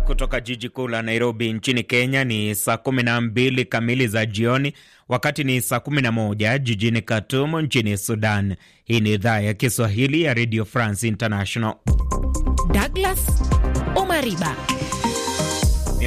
kutoka jiji kuu la Nairobi nchini Kenya ni saa 12 kamili za jioni, wakati ni saa 11 jijini Khartoum nchini Sudan. Hii ni idhaa ya Kiswahili ya Radio France International. Douglas Omariba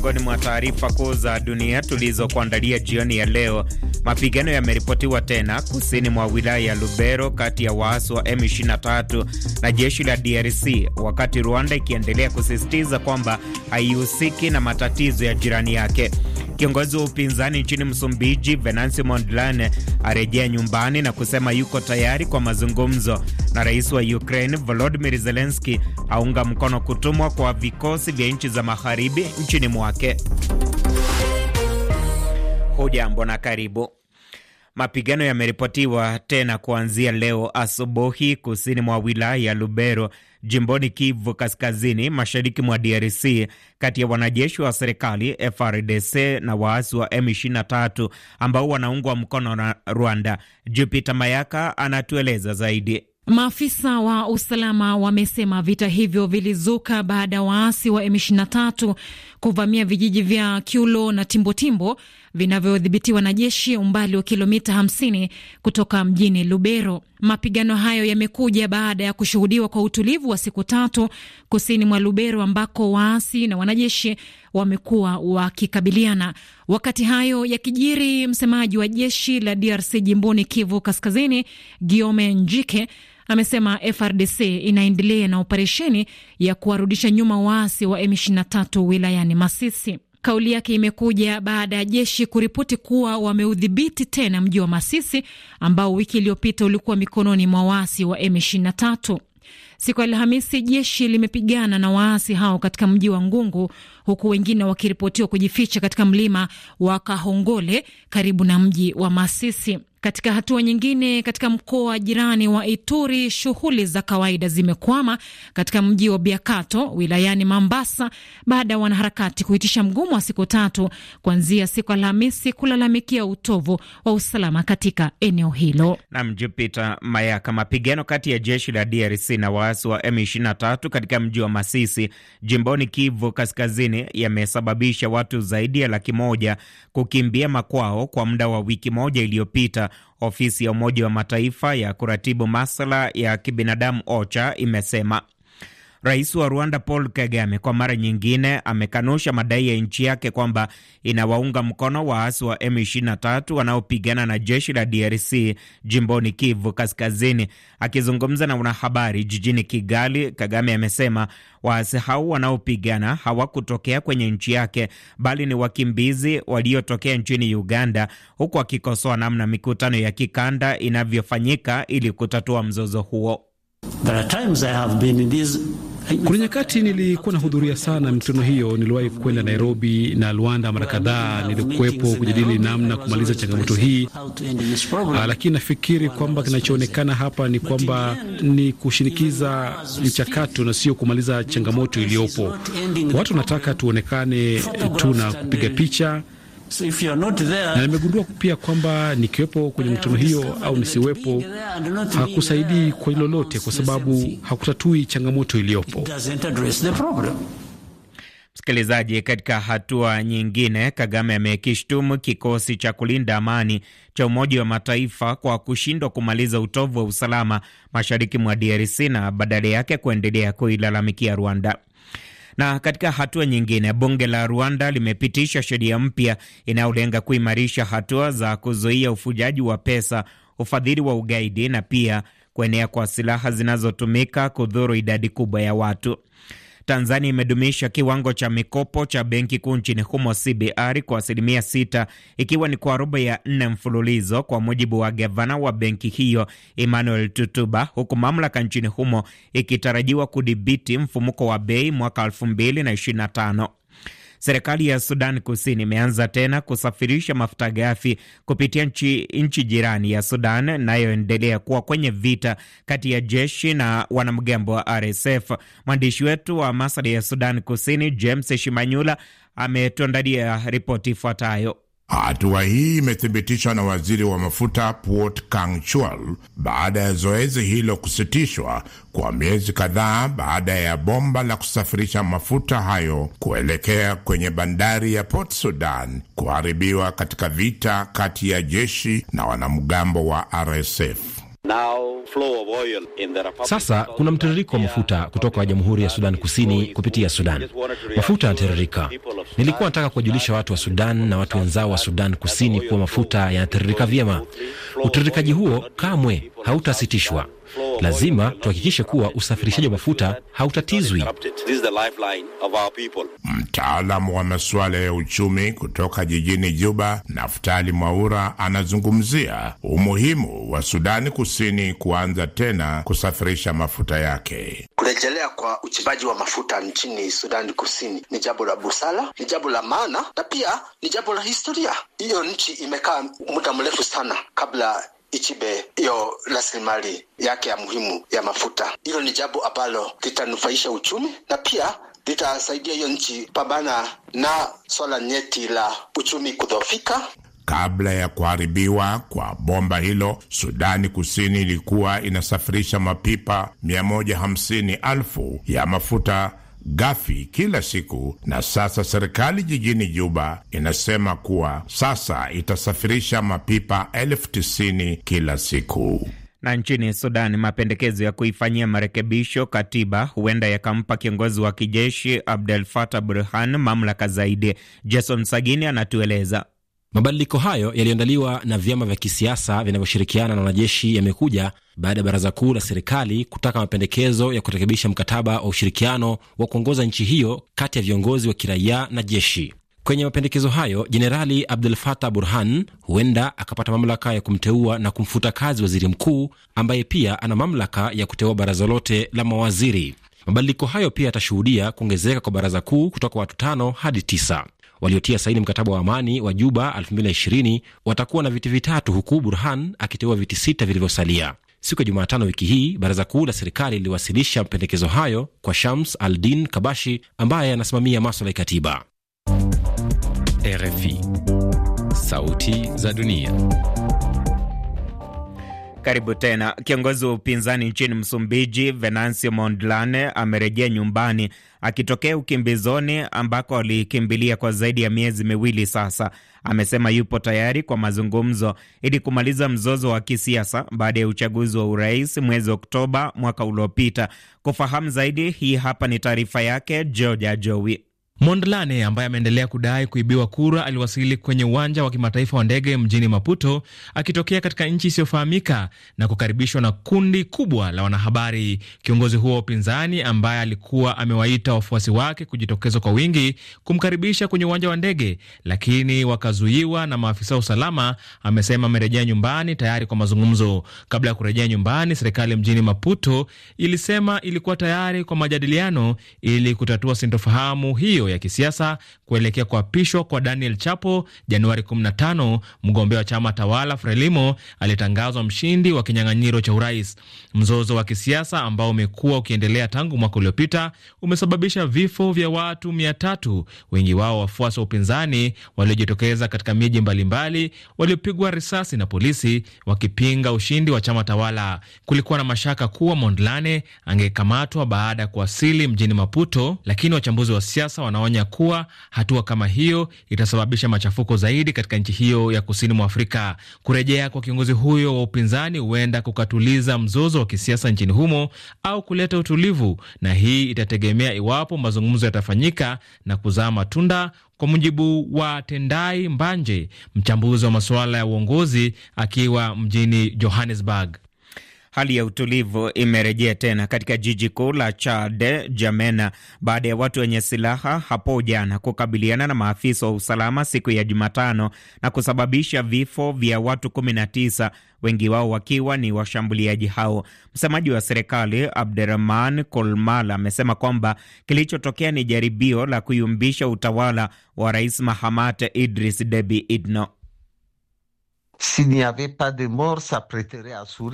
miongoni mwa taarifa kuu za dunia tulizokuandalia jioni ya leo. Mapigano yameripotiwa tena kusini mwa wilaya ya Lubero kati ya waasi wa M23 na jeshi la DRC, wakati Rwanda ikiendelea kusisitiza kwamba haihusiki na matatizo ya jirani yake. Kiongozi wa upinzani nchini Msumbiji, Venancio Mondlane, arejea nyumbani na kusema yuko tayari kwa mazungumzo, na rais wa Ukraine volodimir zelenski aunga mkono kutumwa kwa vikosi vya nchi za magharibi nchini mwake. Hujambo na karibu. Mapigano yameripotiwa tena kuanzia leo asubuhi kusini mwa wilaya ya Lubero jimboni Kivu Kaskazini, mashariki mwa DRC, kati ya wanajeshi wa serikali FRDC na waasi wa M23 ambao wanaungwa mkono na Rwanda. Jupiter Mayaka anatueleza zaidi. Maafisa wa usalama wamesema vita hivyo vilizuka baada ya waasi wa M23 kuvamia vijiji vya Kiulo na Timbotimbo vinavyodhibitiwa na jeshi umbali wa kilomita 50 kutoka mjini Lubero. Mapigano hayo yamekuja baada ya kushuhudiwa kwa utulivu wa siku tatu kusini mwa Lubero ambako waasi na wanajeshi wamekuwa wakikabiliana. Wakati hayo yakijiri, msemaji wa jeshi la DRC jimboni Kivu Kaskazini, Giome Njike, amesema FRDC inaendelea na operesheni ya kuwarudisha nyuma waasi wa M23 wilayani Masisi. Kauli yake imekuja baada ya jeshi kuripoti kuwa wameudhibiti tena mji wa Masisi ambao wiki iliyopita ulikuwa mikononi mwa waasi wa M23. Siku ya Alhamisi jeshi limepigana na waasi hao katika mji wa Ngungu, huku wengine wakiripotiwa kujificha katika mlima wa Kahongole karibu na mji wa Masisi. Katika hatua nyingine, katika mkoa jirani wa Ituri, shughuli za kawaida zimekwama katika mji wa Biakato wilayani Mambasa baada ya wanaharakati kuitisha mgomo wa siku tatu kuanzia siku Alhamisi kulalamikia utovu wa usalama katika eneo hilo. Nam Jupiter Mayaka. Mapigano kati ya jeshi la DRC na waasi wa M23 katika mji wa Masisi jimboni Kivu Kaskazini yamesababisha watu zaidi ya laki moja kukimbia makwao kwa muda wa wiki moja iliyopita ofisi ya Umoja wa Mataifa ya kuratibu masala ya kibinadamu OCHA imesema. Rais wa Rwanda Paul Kagame kwa mara nyingine amekanusha madai ya nchi yake kwamba inawaunga mkono waasi wa M23 wanaopigana na jeshi la DRC jimboni Kivu Kaskazini. Akizungumza na wanahabari jijini Kigali, Kagame amesema waasi hao wanaopigana hawakutokea kwenye nchi yake bali ni wakimbizi waliotokea nchini Uganda, huku akikosoa namna mikutano ya kikanda inavyofanyika ili kutatua mzozo huo. There are times I have been in these kuna nyakati nilikuwa nahudhuria sana mikutano hiyo. Niliwahi kwenda Nairobi na Luanda mara kadhaa, nilikuwepo kujadili namna kumaliza changamoto hii. Uh, lakini nafikiri kwamba kinachoonekana hapa ni kwamba ni kushinikiza mchakato na sio kumaliza changamoto iliyopo. Watu wanataka tuonekane tu na kupiga picha So if you are not there, na nimegundua pia kwamba nikiwepo kwenye mikutano hiyo au nisiwepo hakusaidii kwa lolote, kwa sababu hakutatui changamoto iliyopo. Msikilizaji, katika hatua nyingine, Kagame amekishtumu kikosi cha kulinda amani cha Umoja wa Mataifa kwa kushindwa kumaliza utovu wa usalama mashariki mwa DRC na badala yake kuendelea kuilalamikia Rwanda. Na katika hatua nyingine, bunge la Rwanda limepitisha sheria mpya inayolenga kuimarisha hatua za kuzuia ufujaji wa pesa, ufadhili wa ugaidi na pia kuenea kwa silaha zinazotumika kudhuru idadi kubwa ya watu. Tanzania imedumisha kiwango cha mikopo cha benki kuu nchini humo CBR kwa asilimia sita ikiwa ni kwa robo ya nne mfululizo, kwa mujibu wa gavana wa benki hiyo Emmanuel Tutuba, huku mamlaka nchini humo ikitarajiwa kudhibiti mfumuko wa bei mwaka 2025. Serikali ya Sudan Kusini imeanza tena kusafirisha mafuta ghafi kupitia nchi, nchi jirani ya Sudan inayoendelea kuwa kwenye vita kati ya jeshi na wanamgambo wa RSF. Mwandishi wetu wa masada ya Sudan Kusini James Shimanyula ametuandalia ripoti ifuatayo. Hatua hii imethibitishwa na waziri wa mafuta Port Kangchual baada ya zoezi hilo kusitishwa kwa miezi kadhaa baada ya bomba la kusafirisha mafuta hayo kuelekea kwenye bandari ya Port Sudan kuharibiwa katika vita kati ya jeshi na wanamgambo wa RSF. Sasa kuna mtiririko wa mafuta kutoka Jamhuri ya Sudan Kusini kupitia Sudan. Mafuta yanatiririka. Nilikuwa nataka kuwajulisha watu wa Sudan na watu wenzao wa Sudan Kusini kuwa mafuta yanatiririka vyema. Utiririkaji huo kamwe hautasitishwa. Lazima tuhakikishe kuwa usafirishaji wa mafuta hautatizwi. Mtaalamu wa masuala ya uchumi kutoka jijini Juba, Naftali Mwaura, anazungumzia umuhimu wa Sudani Kusini kuanza tena kusafirisha mafuta yake. Kurejelea kwa uchimbaji wa mafuta nchini Sudani Kusini ni jambo la busara, ni jambo la maana na pia ni jambo la historia. Hiyo nchi imekaa muda mrefu sana kabla ichibe hiyo rasilimali yake ya muhimu ya mafuta. Hilo ni jambo ambalo litanufaisha uchumi na pia litasaidia hiyo nchi pambana na swala nyeti la uchumi kudhoofika. Kabla ya kuharibiwa kwa bomba hilo, Sudani Kusini ilikuwa inasafirisha mapipa 150,000 ya mafuta ghafi kila siku, na sasa serikali jijini Juba inasema kuwa sasa itasafirisha mapipa elfu tisini kila siku. Na nchini Sudan, mapendekezo ya kuifanyia marekebisho katiba huenda yakampa kiongozi wa kijeshi Abdel Fattah Burhan mamlaka zaidi. Jason Sagini anatueleza. Mabadiliko hayo yaliyoandaliwa na vyama vya kisiasa vinavyoshirikiana na wanajeshi yamekuja baada ya baraza kuu la serikali kutaka mapendekezo ya kurekebisha mkataba wa ushirikiano wa kuongoza nchi hiyo kati ya viongozi wa kiraia na jeshi. Kwenye mapendekezo hayo, Jenerali Abdul Fatah Burhan huenda akapata mamlaka ya kumteua na kumfuta kazi waziri mkuu ambaye pia ana mamlaka ya kuteua baraza lote la mawaziri. Mabadiliko hayo pia yatashuhudia kuongezeka kwa baraza kuu kutoka watu tano hadi tisa waliotia saini mkataba wa amani wa Juba 2020 watakuwa na viti vitatu, huku Burhan akiteua viti sita vilivyosalia. Siku ya Jumatano wiki hii, baraza kuu la serikali liliwasilisha mapendekezo hayo kwa Shams Aldin Kabashi ambaye anasimamia maswala ya katiba. RFI, Sauti za Dunia. Karibu tena. Kiongozi wa upinzani nchini Msumbiji, Venancio Mondlane, amerejea nyumbani akitokea ukimbizoni ambako alikimbilia kwa zaidi ya miezi miwili sasa. Amesema yupo tayari kwa mazungumzo ili kumaliza mzozo wa kisiasa baada ya uchaguzi wa urais mwezi Oktoba mwaka uliopita. Kufahamu zaidi, hii hapa ni taarifa yake Georgia Jowi. Mondlane ambaye ameendelea kudai kuibiwa kura aliwasili kwenye uwanja wa kimataifa wa ndege mjini Maputo akitokea katika nchi isiyofahamika na kukaribishwa na kundi kubwa la wanahabari. Kiongozi huo wa upinzani ambaye alikuwa amewaita wafuasi wake kujitokeza kwa wingi kumkaribisha kwenye uwanja wa ndege, lakini wakazuiwa na maafisa wa usalama, amesema amerejea nyumbani tayari kwa mazungumzo. Kabla ya kurejea nyumbani, serikali mjini Maputo ilisema ilikuwa tayari kwa majadiliano ili kutatua sintofahamu hiyo ya kisiasa kuelekea kuapishwa kwa Daniel Chapo Januari 15, mgombea wa chama tawala Frelimo alitangazwa mshindi wa kinyang'anyiro cha urais. Mzozo wa kisiasa ambao umekuwa ukiendelea tangu mwaka uliopita umesababisha vifo vya watu mia tatu, wengi wao wafuasi wa upinzani waliojitokeza katika miji mbalimbali, waliopigwa risasi na polisi wakipinga ushindi wa chama tawala. Kulikuwa na mashaka kuwa Mondlane angekamatwa baada ya kuwasili mjini Maputo, lakini wachambuzi wa siasa wana wanaonya kuwa hatua kama hiyo itasababisha machafuko zaidi katika nchi hiyo ya kusini mwa Afrika. Kurejea kwa kiongozi huyo wa upinzani huenda kukatuliza mzozo wa kisiasa nchini humo au kuleta utulivu, na hii itategemea iwapo mazungumzo yatafanyika na kuzaa matunda, kwa mujibu wa Tendai Mbanje, mchambuzi wa masuala ya uongozi akiwa mjini Johannesburg hali ya utulivu imerejea tena katika jiji kuu la Chad, Jamena, baada ya watu wenye silaha hapo jana kukabiliana na maafisa wa usalama siku ya Jumatano na kusababisha vifo vya watu 19, wengi wao wakiwa ni washambuliaji hao. Msemaji wa serikali abdurahman Kolmal amesema kwamba kilichotokea ni jaribio la kuyumbisha utawala wa Rais Mahamat Idris debi Itno.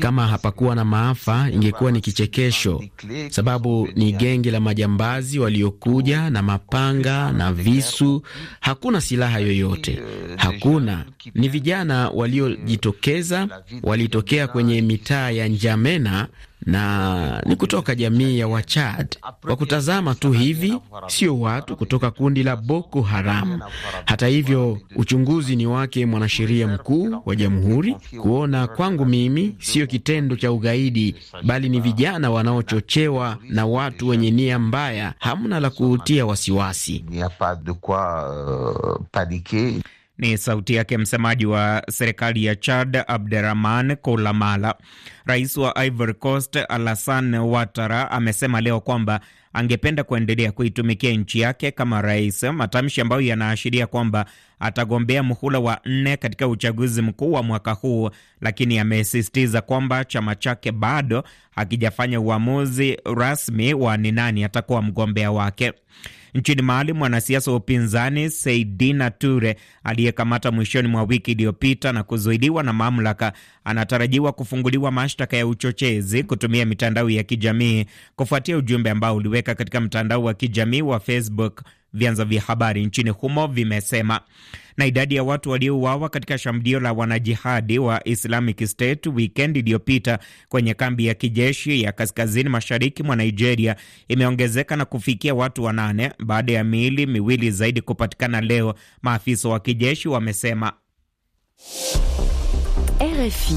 Kama hapakuwa na maafa, ingekuwa ni kichekesho, sababu ni genge la majambazi waliokuja na mapanga na visu. Hakuna silaha yoyote, euh, hakuna. Ni vijana waliojitokeza, walitokea kwenye mitaa ya Njamena na ni kutoka jamii ya Wachad. Kwa kutazama tu hivi, sio watu kutoka kundi la Boko Haram. Hata hivyo, uchunguzi ni wake mwanasheria mkuu wa jamhuri. Kuona kwangu mimi, sio kitendo cha ugaidi, bali ni vijana wanaochochewa na watu wenye nia mbaya. Hamna la kuutia wasiwasi. Ni sauti yake msemaji wa serikali ya Chad, Abderrahman Kolamala. Rais wa Ivory Coast Alassane Ouattara amesema leo kwamba angependa kuendelea kuitumikia nchi yake kama rais, matamshi ambayo yanaashiria kwamba atagombea muhula wa nne katika uchaguzi mkuu wa mwaka huu, lakini amesisitiza kwamba chama chake bado hakijafanya uamuzi rasmi wa ni nani atakuwa mgombea wake. Nchini Mali, mwanasiasa wa upinzani Seidina Ture aliyekamata mwishoni mwa wiki iliyopita na kuzuiliwa na mamlaka anatarajiwa kufunguliwa mashtaka ya uchochezi kutumia mitandao ya kijamii kufuatia ujumbe ambao uliweka katika mtandao wa kijamii wa Facebook vyanzo vya habari nchini humo vimesema. Na idadi ya watu waliouawa katika shambulio la wanajihadi wa Islamic State wikendi iliyopita kwenye kambi ya kijeshi ya kaskazini mashariki mwa Nigeria imeongezeka na kufikia watu wanane baada ya miili miwili zaidi kupatikana leo, maafisa wa kijeshi wamesema. RFI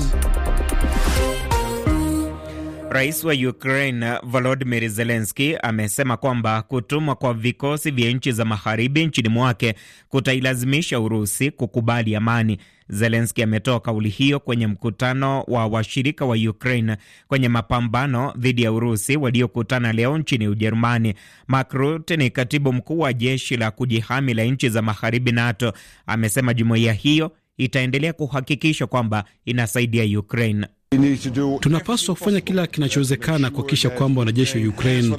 Rais wa Ukraine volodimir zelenski amesema kwamba kutumwa kwa vikosi vya nchi za magharibi nchini mwake kutailazimisha Urusi kukubali amani. zelenski ametoa kauli hiyo kwenye mkutano wa washirika wa Ukraine kwenye mapambano dhidi ya Urusi waliokutana leo nchini Ujerumani. Mark Rutte ni katibu mkuu wa jeshi la kujihami la nchi za magharibi NATO, amesema jumuiya hiyo itaendelea kuhakikisha kwamba inasaidia Ukraine. Tunapaswa kufanya kila kinachowezekana kuhakikisha kwamba wanajeshi wa Ukraine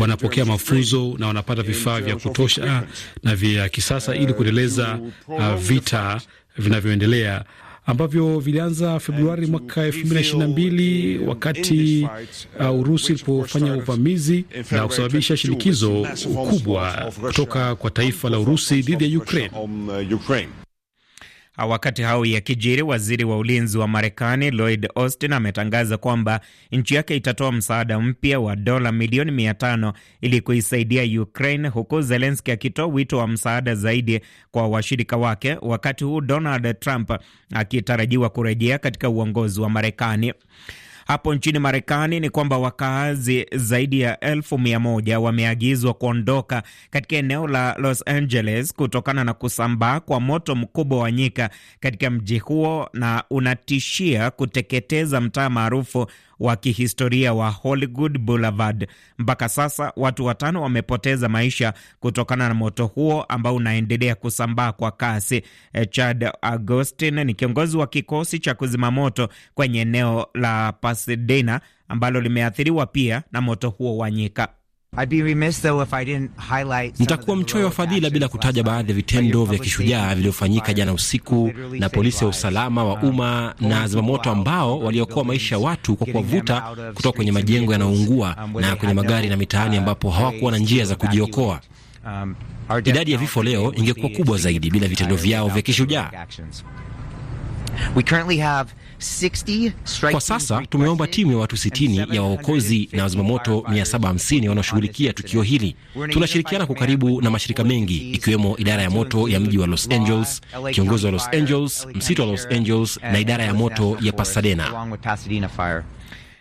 wanapokea mafunzo na wanapata vifaa vya kutosha na vya kisasa ili kuendeleza uh, vita vinavyoendelea ambavyo vilianza Februari mwaka elfu mbili na ishirini na mbili wakati uh, Urusi ilipofanya uvamizi na kusababisha shinikizo kubwa kutoka kwa taifa la Urusi dhidi ya Ukraine. Ah, wakati hao ya kijiri, waziri wa ulinzi wa Marekani Lloyd Austin ametangaza kwamba nchi yake itatoa msaada mpya wa dola milioni mia tano ili kuisaidia Ukraine, huku Zelenski akitoa wito wa msaada zaidi kwa washirika wake, wakati huu Donald Trump akitarajiwa kurejea katika uongozi wa Marekani. Hapo nchini Marekani ni kwamba wakaazi zaidi ya elfu mia moja wameagizwa kuondoka katika eneo la Los Angeles kutokana na kusambaa kwa moto mkubwa wa nyika katika mji huo, na unatishia kuteketeza mtaa maarufu wa kihistoria wa Hollywood Boulevard. Mpaka sasa watu watano wamepoteza maisha kutokana na moto huo ambao unaendelea kusambaa kwa kasi. Eh, Chad Agustin ni kiongozi wa kikosi cha kuzima moto kwenye eneo la Pasadena ambalo limeathiriwa pia na moto huo wa nyika. Nitakuwa mchoyo wa fadhila bila kutaja baadhi ya vitendo vya kishujaa vilivyofanyika jana usiku na polisi wa usalama wa um, umma na zimamoto ambao waliokoa maisha ya watu kwa kuwavuta kutoka kwenye majengo yanayoungua um, na kwenye magari na mitaani uh, ambapo hawakuwa na njia za kujiokoa. Um, idadi ya vifo leo ingekuwa kubwa zaidi bila vitendo vyao vya kishujaa. Kwa sasa tumeomba timu ya watu 60 ya waokozi na wazimamoto 750 wanaoshughulikia tukio hili. Tunashirikiana kwa karibu na mashirika mengi ikiwemo idara ya moto ya mji wa Los Angeles, kiongozi wa Los Angeles, msitu wa Los Angeles na idara ya moto ya Pasadena.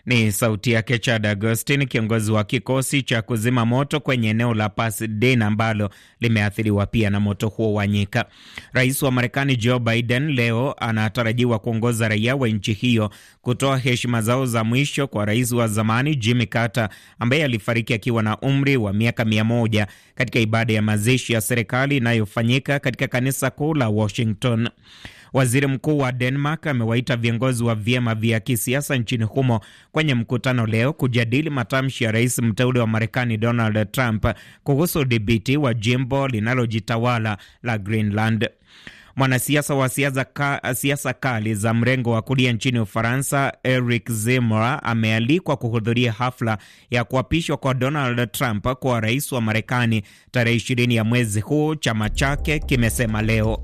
Ni sauti yake Chad Agostin, kiongozi wa kikosi cha kuzima moto kwenye eneo la Pasadena ambalo limeathiriwa pia na moto huo wa nyika. Rais wa Marekani Joe Biden leo anatarajiwa kuongoza raia wa nchi hiyo kutoa heshima zao za mwisho kwa rais wa zamani Jimmy Carter ambaye alifariki akiwa na umri wa miaka mia moja katika ibada ya mazishi ya serikali inayofanyika katika kanisa kuu la Washington. Waziri mkuu wa Denmark amewaita viongozi wa vyama vya kisiasa nchini humo kwenye mkutano leo kujadili matamshi ya rais mteule wa Marekani Donald Trump kuhusu udhibiti wa jimbo linalojitawala la Greenland. Mwanasiasa wa siasa ka, siasa kali za mrengo wa kulia nchini Ufaransa, Eric Zemmour amealikwa kuhudhuria hafla ya kuapishwa kwa Donald Trump kwa rais wa Marekani tarehe 20 ya mwezi huu, chama chake kimesema leo.